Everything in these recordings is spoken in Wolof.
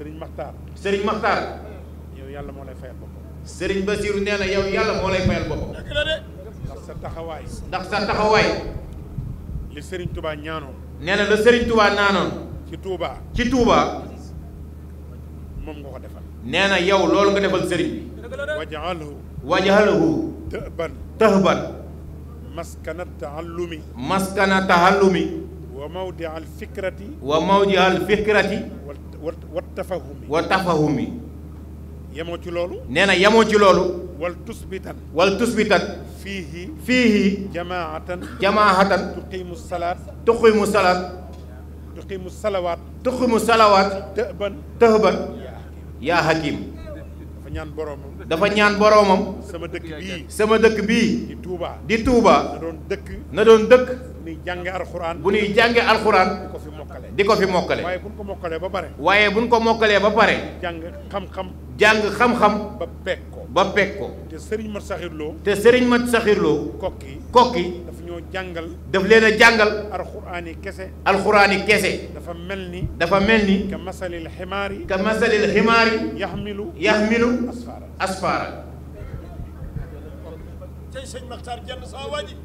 Serigne Makhtar. Serigne Makhtar. yow yàlla moo lay fayal boppam. Serigne Bassirou nee na yow yàlla moo lay fayal boppam. dëgg la de. ndax sa taxawaay. ndax sa taxawaay. li Serigne Touba ñaanoon. nee na la Serigne Touba naanoon. ci Touba. ci Touba. moom nga ko defal. nee na yow loolu nga defal Serigne bi. wajahalahu. wajahalahu. tahban. tahban. maskana taallumi. maskana taallumi. wa mawdi al fikrati. wa mawdi al fikrati. wa tafahumi wa tafahumi yemoo ci loolu nee na yemoo ci loolu wal tusbitan wal tusbitan fiihi fiihi jamaatan jamaatan tuqimu salaat tuqimu salaat tuqimu salawaat tuqimu salawaat tëhban tëhban yaa hakim dafa ñaan boromam. dafa ñaan boromam. sama dëkk bii sama dëkk bii. di Touba di Touba. na doon dëkk na doon dëkk. bu ñuy jàngee alxuraan bu ñuy jàngee alxuraan. di ko fi mokkale di ko fi mokkale. waaye bu ñu ko mokkalee ba pare. waaye bu ñu ko mokkalee ba pare. jàng xam-xam jàng xam-xam. ba peg ko. te Serigne Mat Saxir Lo. te Serigne Mat Saxir Lo. kokki kokki. daf ñoo jàngal. daf leen a jàngal. alxuraani kese. alxuraani kese. dafa mel ni. dafa mel ni. ka masalil ximaari. ka masalil ximaari. yaxmilu. yaxmilu. asfaara asfaara. tey sëñ Maxtaar jenn saa waaji.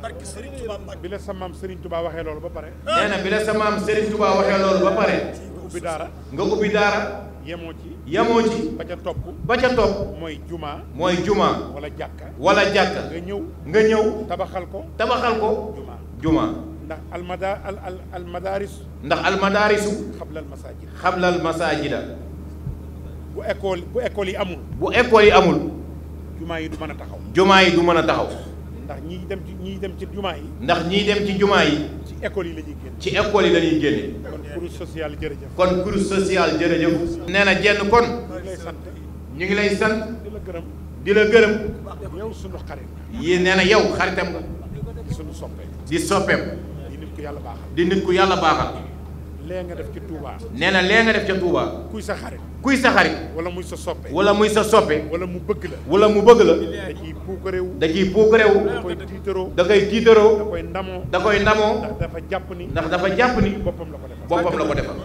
barki Serigne Touba Mbacke. bi la sa maam Serigne Touba waxee loolu ba pare. nee na bi la sa maam Serigne Touba waxee loolu ba pare. nga ubbi daara nga ubbi daara. yemoo ci yemoo ci ba ca topp ba juma mooy juma wala jàkka wala jàkka nga ñëw nga ñëw tabaxal ko tabaxal ko juma juma ndax almada al almadaarisu ndax almadaarisu xabla almasajida xabla almasajida bu école bu école yi amul bu école yi amul jumaa yi du mën taxaw jumaa yi du mën taxaw ndax ñi dem ci ñi dem ci jumaa yi. ndax ñi dem ci jumaa yi. ci école yi la ñuy génne. ci école yi la ñuy génne. kon kuréel social jërëjëf. kon kuréel social jërëjëf. nee na jenn kon. ñu ngi lay sant. di la gërëm. di la gërëm. yow sunu xarit. yii nee na yow xaritam nga. di suñu soppeeku. ci soppeeku. di nit ku yàlla baaxal. di nit ku yàlla baaxal. lee nga def ci Touba. nee na lee nga def ca Touba. kuy sa xarit. kuy sa xarit. wala muy sa soppe. wala muy sa soppe. wala mu bëgg la. wala mu bëgg la. da ciy puukarewu. da ciy puukarewu. da koy tiitaroo. da koy tiitaroo. da koy ndamoo. da koy ndamoo. ndax dafa jàpp ni. ndax dafa jàpp ni. boppam la ko defal boppam la ko defal.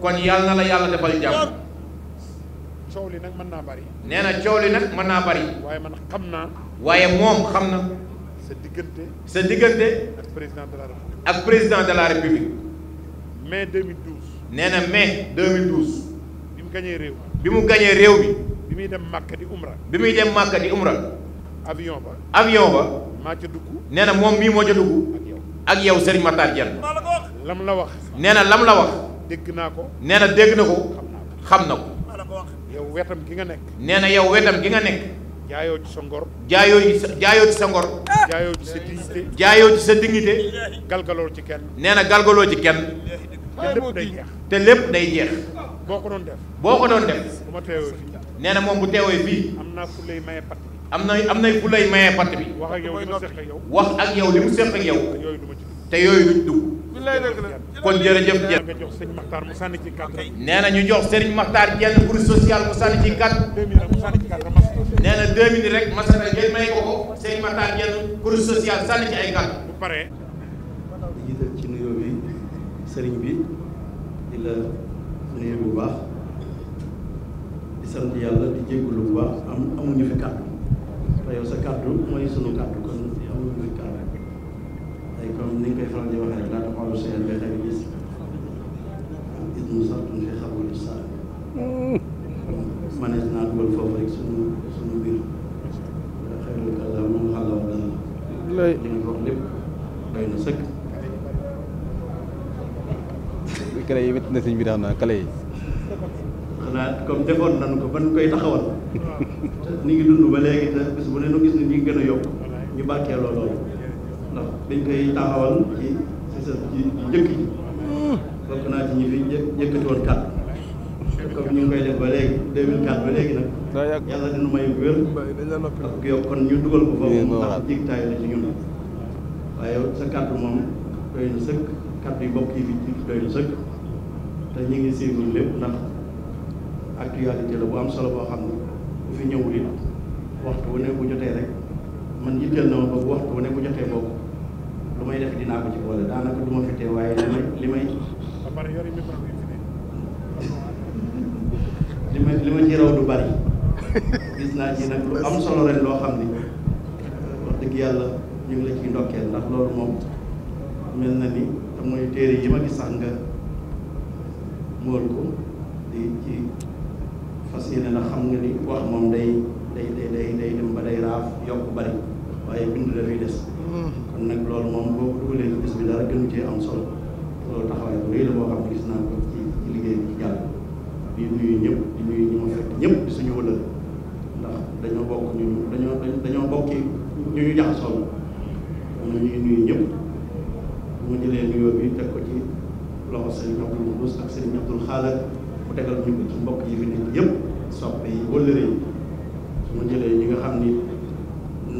kon yàlla na la yàlla defal jàmm. coow li nag mën naa bari. nee na coow li nag mën naa bari. waaye man xam naa. waaye moom xam na. sa diggante. sa diggante. ak ak président de la république. mai 2012. nee na mai 2012. bi mu gañee réew. bi mu gañee réew bi. bi muy dem Màkka di umra. bi muy dem Màkka di umra. avion ba. avion ba. maa ca dugg. nee na moom mii moo ca ak yow Serigne Matar Dieng. lam la wax. nee na lam la wax. dégg naa ko. nee na dégg na ko. xam na ko. yow wetam gi nga nekk. nee na yow wetam gi nga nekk. jaayoo ci sa ngor. jaayoo ci sa jaayoo ci sa ngor. jaayoo ci sa dignité. jaayoo ci ci kenn. nee na galgaloo ci kenn. te lépp day jeex. te lépp day boo ko doon def. boo ko doon def. bu ma teewee na moom bu teewee fii. am naa fu lay maye pat bi. am na am nay fu lay maye pat bi. wax ak yow li mu seq ak yow. wax ak yow li mu seq ak yow. te yooyu duñ dugg. kon jërëjëf Dieng. nee na ñu jox Serigne Makhtar Dieng pour social mu sànni ci kat. nee na deux minutes rek masana ngeen may ko ko Serigne Makhtar Dieng pour social sànni ci ay kat. bu paree. di jiital ci nuyoo bi Serigne bi di la nuyu bu baax di sant yàlla di jégalu bu baax am amuñu fi kàddu te yow sa kàddu mooy sunu kàddu kon. comme ni nga koy faral di waxee rek laata xool bi tax na kale xanaa comme defoon nañ ko ban koy taxawal ni ngi dund ba léegi te bis bu ne gis ne ñu gën a yokk ñu bàkkee loolu ndax dañ koy taxawal ci ci ci njëkk yi hmm. bokk naa ci ñi fi yëkkati woon kat comme ñu ngi koy def ba léegi 2004 ba léegi nag yàlla dina may wér ak kon ñu dugal ko foofu ndax jigtaay la ci ñun waaye sa kàddu moom doy na sëkk kàddu yi bokk yi fi doy na sëkk te ñu ngi suivre lépp ndax actualité la bu am solo boo xam ne bu fi ñëwul it waxtu wu bu jotee rek man yitteel na ma ba bu waxtu wu bu jotee boobu bari yor mi problème fi li ma ci raw du bari gis naa ci nag lu am solo ren loo xam wax dëgg yàlla ñu la ndax ni yi ma gis sax nga mool ko di ci xam nga ni wax day day day day day dem ba day raaf yokk bari waaye bind dafay des hmm. kon nag loolu moom boo ko bis bi dara gënu am solo loolu taxawaay bu rëy la boo xam gis naa ko ci ci liggéey bi jàll di nuyu ñëpp di nuyu ñu ma fekk ñëpp di suñu wëlal ndax dañoo bokk ñu dañoo dañoo bokki ñu ñu jaxasoon am na ñuy nuyu ñëpp mu jëlee nuyoo bi teg ko ci loxo Serigne Abdoul Mouhous ak Serigne Abdoul mu tegal ñu ko ci mbokk yi fi nekk yëpp soppe yi wëllëre su ma jëlee ñi nga xam ni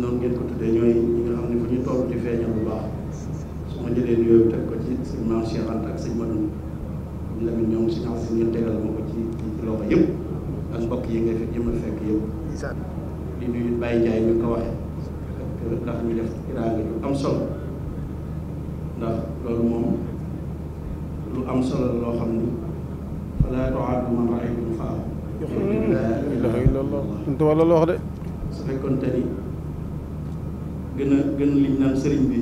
noonu ngeen ko tuddee ñooy ñi nga xam ne fu ñu toll di feeñal bu baax ma jëlee nuyoo teg ko ci sëñ Maam Cheikh Anta ak sëñ Manou Lamine ñoom si ñax si ngeen tegal ma ko ci loxo yëpp ak mbokk yi nga fekk yëmal fekk yëpp di nuyu Baye Ndiaye ñu ko waxee ak ndax ñu def iraanga ju am solo ndax loolu moom lu am solo la loo xam ni falaa tu'addu man ra'aytum fa ilaha illallah ntu wala loo wax de su fekkoon te ni gën a gën liñ naan sëriñ bi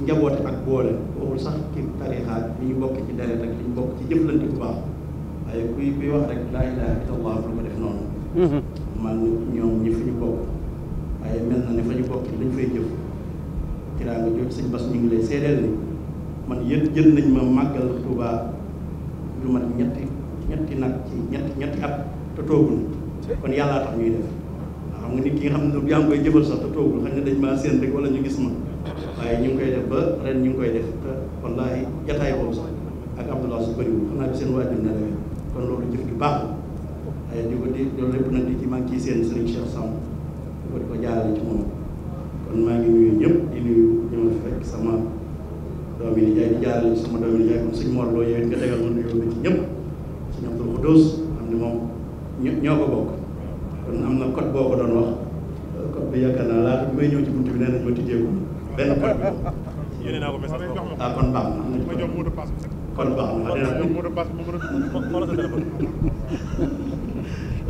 njaboote ak boole waxul sax ci tarixaat li ñu bokk ci deret ak li ñu bokk ci jëflante bu baax waaye kuy kuy wax rek laa ilaaha illallaah lu ko def noonu mhm. man ñoom ñi fi ñu bokk waaye mel na ne fa ñu bokk lañ fay jëf tiraanga jooju sëñ Bas ñu ngi lay seedeel ni man yët jël nañ ma màggal Tuubaa lu mat ñetti ñetti nag ci ñetti ñetti at te toogul kon yàllaa tax ñuy def xam nga nit ki nga xam ne yaa ngi koy jëfal sax te toogul xam ne dañ maa seen rek wala ñu gis ma waaye ñu ngi koy def ba ren ñu ngi koy def te wallahi jataay boobu sax ak Abdullah su bëriwul xam naa bi seen waajur na rek kon loolu jëf ju baax la di ko di loolu đi nag di ci maa ngi ciy seen sëriñ Cheikh Samb di ko di ko jaarale ci moom đi maa ngi nuyu ñëpp di nuyu ñu ma fekk sama doomi ni jaay di jaarale sama doomi ni jaay comme suñu Mor Lo yooyu nga tegal ma nuyoo ba ci ñëpp suñu Abdul Xudoos xam ne moom ñoo ko bokk kon am na code cắt bọc doon wax bi nee ma tijjee ko benn code bi moom. ah kon baax na.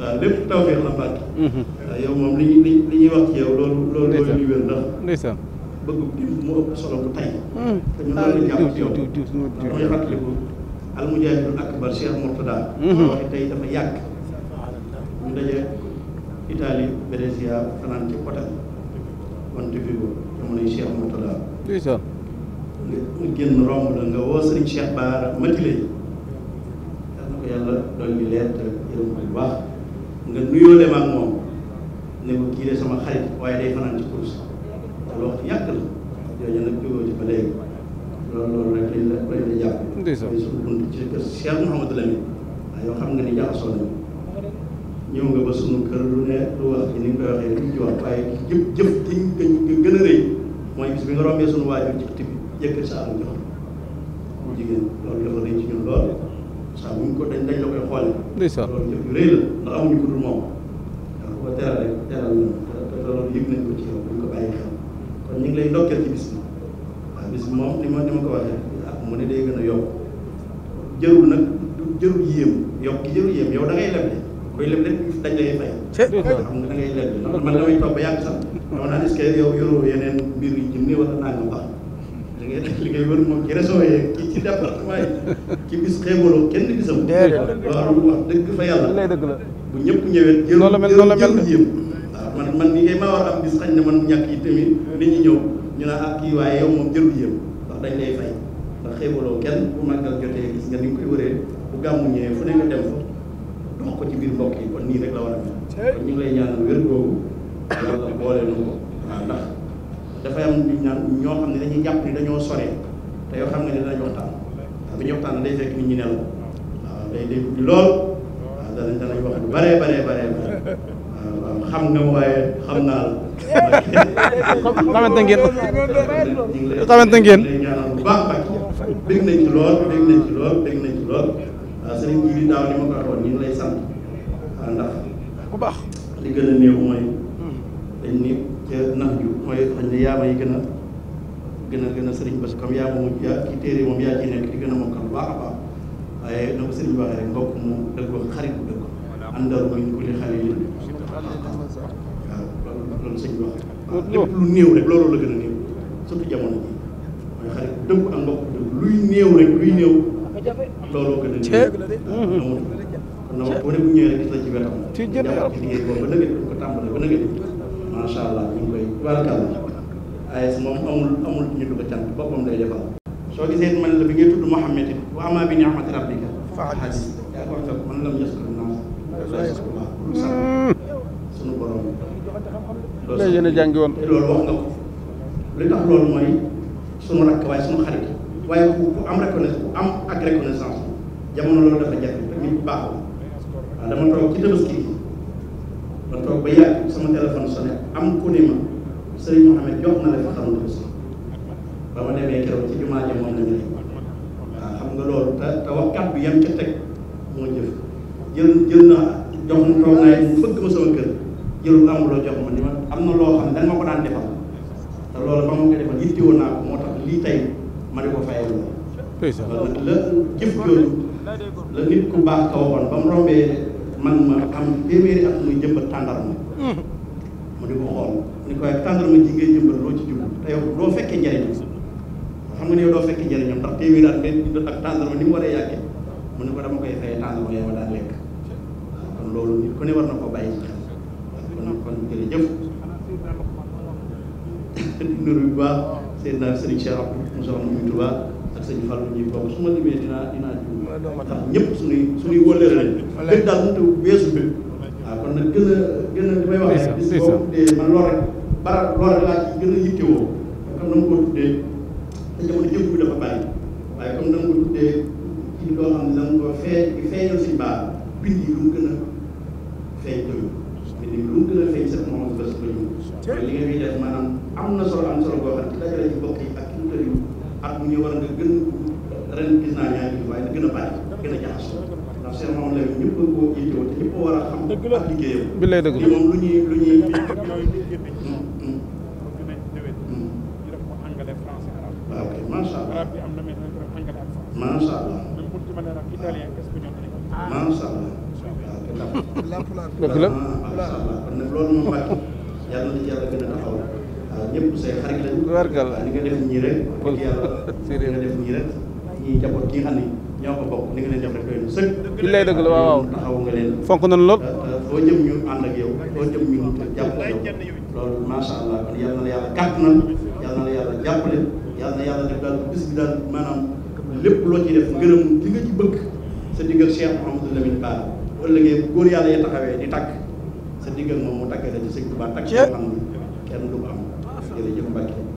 Ah, lépp taw bi la mbàkk. Ah, yow moom li ñuy li ñuy wax ci yow loolu. loolu loolu li wér ndax. bëgg mu solo bu tey. Hmm. te ñu loolu jàpp ci yow ah, diw diw diw mooy fàttaliku almujahidul akbar hmm. waxi tey dafa yàgg. ñu daje Italie Brescia fanaan ci hôtel. man defi ko jamonoy Cheikh Moutala. ndeysaan. nga génn romb la nga woo sëriñ Cheikh Baara Matilé yi. yal na ko yàlla dolli leer te yërëm ko bu baax nga nuyoo dem ak ne ko kii de sama xarit waaye day fanaan ci kurus te waxtu yàq la yooyu nag jógoo ci ba léegi loolu loolu rek lañ la lañ la jàpp. ndeysaan mooy suñu ci kër Cheikh Mouhamadou Lamine waaye yoo xam nga ni jaxasoo ñëw nga ba sunu kër lu ne lu wax ni nga koy waxee duñ ci wax waaye jëf jëf jiñ gën gën a rëy mooy bis bi nga rombee sunu waajur ci tibb yëkkati sa àll jox jigéen loolu dafa rëy ci ñun lool saa buñ ko dañ dañ la koy xoole ndeysaan loolu jëf yu rëy la ndax amuñu ko dul moom waaw ko teral rek teral na te loolu yëg nañ ko ci yow buñ ko bàyyi xel kon ñu ngi lay ndokkeel ci bis bi waaw bis bi moom ni ma ni ma ko waxee ak ah, mu ne day gën a yokk jërul nag jërul yéem yokk jërul yéem yow da ngay leb koy leb lépp dañ lay fay. xam nga da ngay leb man damay toog ba yàgg sax dama naan est yow yoroo yeneen mbir yi junni wala nangam wax da ngay def li ngay wër moom ci réseau yi ci ci département yi ci bis xeebaloo kenn gisam. déedéet loolu wax dëgg fa yàlla. dëgg la bu ñëpp ñëwee. jël loolu mel loolu mel jël man man ni kay maa war am bis xañ na man ñàkk yi tamit nit ñi ñëw ñu ne ak kii waaye yow moom jël yëm ndax dañ lay fay ndax xeebaloo kenn bu màggal jotee gis nga ni nga koy wëree bu gàmmu fu ne dem fa am ko ci biir mbokk yi kon nii rek la war a mel kon ñu ngi lay ñaanal wér googu yàlla boole nu ko waaw ndax dafay am ñu ñaan ñoo xam ne dañuy jàpp ni dañoo sore te yoo xam nga ne danañ waxtaan bu ñu waxtaan day fekk nit ñi nelaw waaw day day gudd lool waaw danañ danañ wax lu bare bare bare bare waaw xam nga waaye xam naa la xamante ngeen xamante ngeen ñaanal bu baax baax dégg nañ ci lool dégg nañ ci lool dégg nañ ci lool sëriñ bi li daaw ni ma ko waxoon ñu lay sant waaw ah, ndax bu baax li gën a néew mooy dañ ni ca nax ju mooy xarit bu ak mbokk bu dëgg luy néew rek luy néew looloo gën a néew. amul kon nag boo demee ñëwee rek gis la ci wetam. ci jënd waaw liggéey boobu ba nëgë bu ko tàmbalee ba nëgë. macha allah ñu ngi koy barkaal AS moom amul amul ñu du ko cant boppam lay defal. soo gisee man la bi ngay tudd Mouhamed it wa amaa bi ni'mati rabbika fa hadis yaa ko fekk man lam yaskuru naas mm. sunu borom loolu yéen a jàngi woon loolu wax nga ko li tax loolu mooy sunu rakk waaye sunu xarit waaye ku ku am reconnaissance am ak reconnaissance jamono loolu dafa jafe te nit bu baax waaw dama toog ci tabaski ba sama téléphone sonné am ku ne ma Serigne Mohamed jox na la fa xam nga ba ma demee keroog ci jumaa ja moom la ñu xam nga loolu te te bi yam ca teg moo jëf jël jël na jox ma toog naa mu fëgg ma sama kër jël lu jox ma ni ma xam ma ko daan defal ba ma ko defal ko ma ne ko fayal ma. kon la jëf jooju la nit ku baax ka ba mu rombee man ma am téeméeri at muy jëmbat tàndarma mu di ko xool ni ko waaye tàndarma ji ngay jëmbat loo ci jublu te yow doo fekkee njëriñam xam nga ne yow doo fekkee njëriñam ndax téeméeri at ngay dund ak ni mu war a yàggee mu ko dama koy fayee tàndarma yow daal lekk kon loolu nit ku ne war na ko bàyyi kon kon jërëjëf nuru bu baax sëñ daal sëriñ Cheikh Abdou soxna muy Touba ak sëñ Fallou ñuy bokk su ma limee dinaa dinaa jiw ndax ñëpp suñuy suñuy wóllëre lañ dëgg daal mënut a weesu bi waaw ah, kon nag gën a gën a li may wax rek bis boobu de man lool rek bara lool rek laa ci gën a yittewoo comme na ma ko tuddee te jamono jëpp bi dafa bàyyi waaye comme na ma ko tuddee ci loo xam ne da nga ko fee di feeñal si baax bind yi lu mu gën a feeñ doyu bind yi lu mu gën a feeñ sax moom bés doyu li nga fiy def maanaam am na solo am solo boo xam ne dajale ci mbokk yi ak ki mu tëriw at mu ñëw war nga gën ren gis naa ñaari bi waaye na gën a bari gën a jaxasoo ndax seen moom la ñëpp a koo yittewoo te ñëpp a war a xam ak liggéeyam bi lay dëgg moom lu ñuy lu ñuy waaw kay macha allah macha allah macha allah dëgg la kon nag loolu moom bàyyi yàlla na ci yàlla gën a taxaw waaw ñëpp say xarit lañu. wargal li nga def ñii rek. wax dëgg yàlla li nga def ñii rek. ñii njaboot gi xam ni ñoo ko bokk li nga def rek doy na sëkk. li lay dëgg la waaw waaw nga leen. fonk nañ lool. foo jëm ñu ànd ak yow foo jëm ñu jàpp ak yow loolu macha allah kon yal na la yàlla kàttanal yal na la yàlla jàppale yal na yàlla def daal bis bi daal maanaam lépp loo ciy def ngërëm li nga ci bëgg sa diggal Cheikh Mouhamadou Lamine Ba bu góor yàlla ya taxawee di takk sa diggal moom mu takkee la ci sëñ Tuubaa takk religion, weil